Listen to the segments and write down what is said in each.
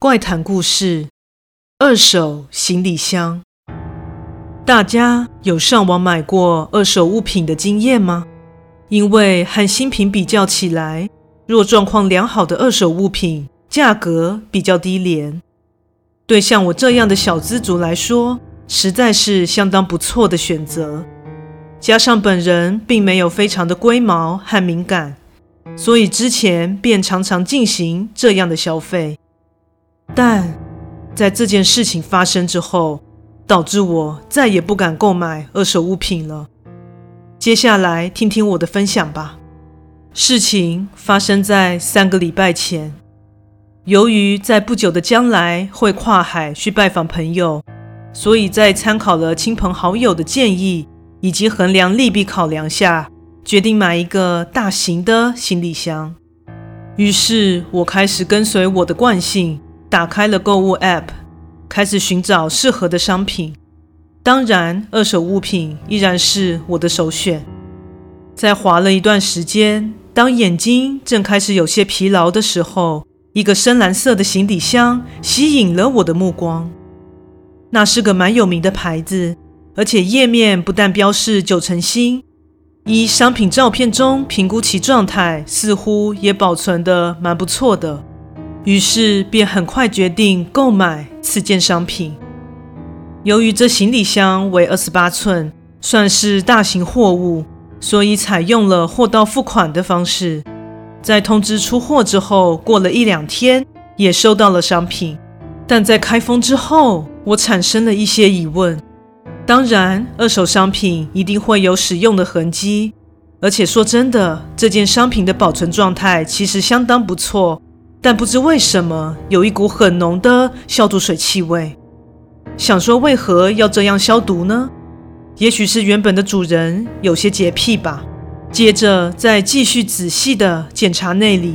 怪談故事：二手行李箱。大家有上網買過二手物品的經驗嗎？因為和新品比較起來，若狀況良好的二手物品價格比較低廉，對像我這樣的小資族來說，實在是相當不錯的選擇。加上本人並沒有非常的龜毛和敏感，所以之前便常常進行這樣的消費。但在這件事情發生之後，導致我再也不敢購買二手物品了。接下來聽聽我的分享吧。事情發生在三個禮拜前，由於在不久的將來會跨海去拜訪朋友，所以在參考了親朋好友的建議以及衡量利弊考量下，決定買一個大型的行李箱。於是我開始跟隨我的慣性，打開了購物 App，開始尋找適合的商品。當然，二手物品依然是我的首選。在滑了一段時間，當眼睛正開始有些疲勞的時候，一個深藍色的行李箱吸引了我的目光。那是個蠻有名的牌子，而且頁面不但標示九成新，依商品照片中評估其狀態，似乎也保存得蠻不錯的。於是便很快決定購買此件商品。由於這行李箱為二十八寸，算是大型貨物，所以採用了貨到付款的方式。在通知出貨之後，過了一兩天，也收到了商品。但在開封之後，我產生了一些疑問。當然，二手商品一定會有使用的痕跡，而且說真的，這件商品的保存狀態其實相當不錯。但不知為什麼，有一股很濃的消毒水氣味。想說為何要這樣消毒呢？也許是原本的主人有些潔癖吧。接着再繼續仔細的檢查內裡，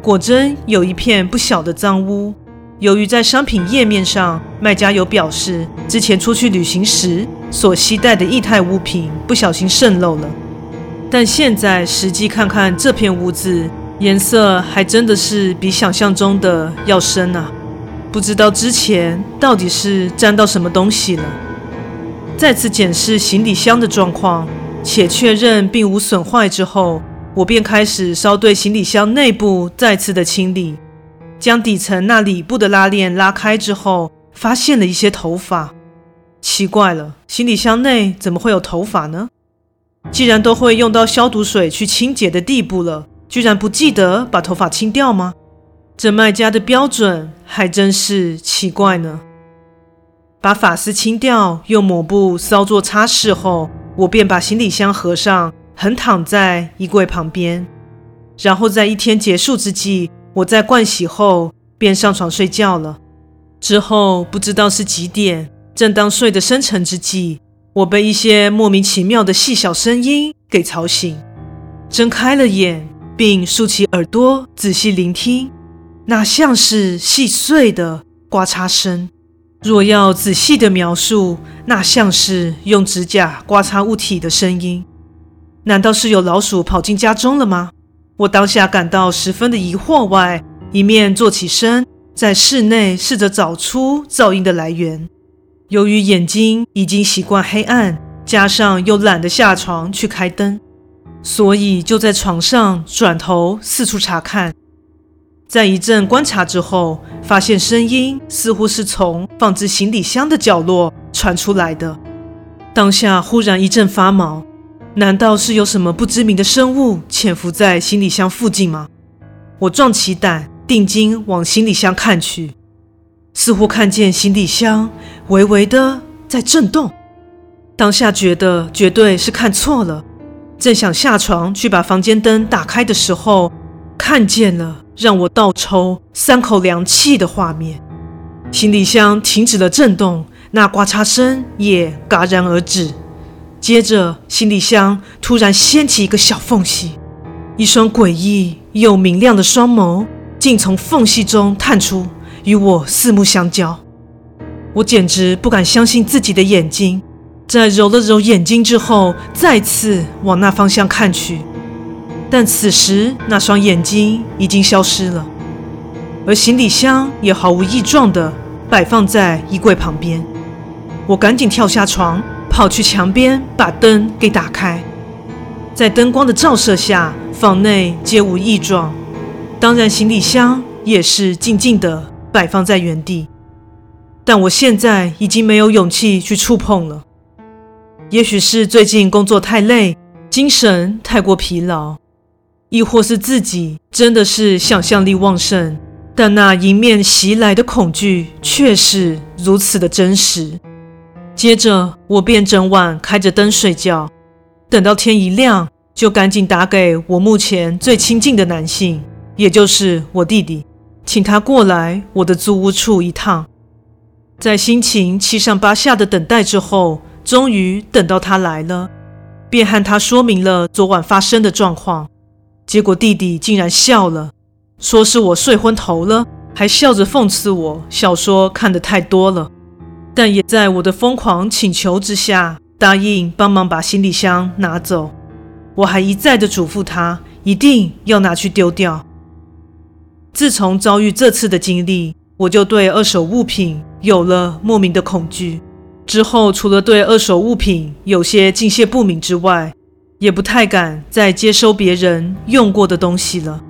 果真有一片不小的髒污。由於在商品頁面上，賣家有表示之前出去旅行時所攜帶的液態物品不小心滲漏了，但現在實際看看這片污漬。顏色還真的是比想象中的要深啊！不知道之前到底是沾到什麼東西了。再次檢視行李箱的狀況，且確認並無損壞之後，我便開始稍對行李箱內部再次的清理。將底層那裡布的拉鏈拉開之後，發現了一些頭髮。奇怪了，行李箱內怎麼會有頭髮呢？既然都會用到消毒水去清潔的地步了。居然不記得把頭髮清掉嗎？這賣家的標準還真是奇怪呢。把髮絲清掉，用抹布稍作擦拭後，我便把行李箱合上，橫躺在衣櫃旁邊。然後在一天結束之際，我在盥洗後便上床睡覺了。之後不知道是幾點，正當睡得深沉之際，我被一些莫名其妙的細小聲音給吵醒，睜開了眼。並豎起耳朵仔細聆聽，那像是細碎的刮擦聲。若要仔細的描述，那像是用指甲刮擦物體的聲音。難道是有老鼠跑進家中了嗎？我當下感到十分的疑惑，外一面坐起身，在室內試着找出噪音的來源。由於眼睛已經習慣黑暗，加上又懶得下床去開燈。所以就在床上轉頭四處查看，在一陣觀察之後，發現聲音似乎是從放置行李箱的角落傳出來的。當下忽然一陣發毛，難道是有什麼不知名的生物潛伏在行李箱附近嗎？我壯起膽，定睛往行李箱看去，似乎看見行李箱微微的在震動。當下覺得絕對是看錯了。正想下床去把房間燈打開的時候，看見了讓我倒抽三口涼氣的畫面。行李箱停止了震動，那颳擦聲也戛然而止。接着，行李箱突然掀起一個小縫隙，一雙詭異又明亮的雙眸竟從縫隙中探出，與我四目相交。我簡直不敢相信自己的眼睛。在揉了揉眼睛之後，再次往那方向看去，但此時那雙眼睛已經消失了，而行李箱也毫無異狀的擺放在衣櫃旁邊。我趕緊跳下床，跑去牆邊把燈給打開。在燈光的照射下，房內皆無異狀，當然行李箱也是靜靜的擺放在原地。但我現在已經沒有勇氣去觸碰了。也許是最近工作太累，精神太過疲勞，亦或是自己真的是想象力旺盛，但那迎面襲來的恐懼卻是如此的真實。接着，我便整晚開着燈睡覺，等到天一亮，就趕緊打給我目前最親近的男性，也就是我弟弟，請他過來我的租屋處一趟。在心情七上八下的等待之後，終於等到他來了，便和他說明了昨晚發生的狀況。結果弟弟竟然笑了，說是我睡昏頭了，還笑着諷刺我小說看得太多了。但也在我的瘋狂請求之下，答應幫忙把行李箱拿走。我還一再的囑咐他，一定要拿去丟掉。自從遭遇這次的經歷，我就對二手物品有了莫名的恐懼。之後，除了對二手物品有些敬謝不敏之外，也不太敢再接收別人用過的東西了。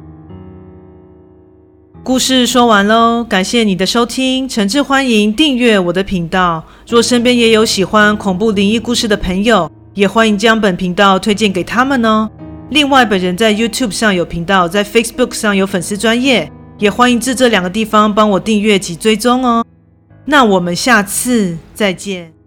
故事說完嘍，感謝你的收聽，誠摯歡迎訂閱我的頻道。若身邊也有喜歡恐怖靈異故事的朋友，也歡迎將本頻道推薦給他們哦。另外，本人在 YouTube 上有頻道，在 Facebook 上有粉絲專頁，也歡迎自這兩個地方幫我訂閱及追蹤哦。那我們下次再見。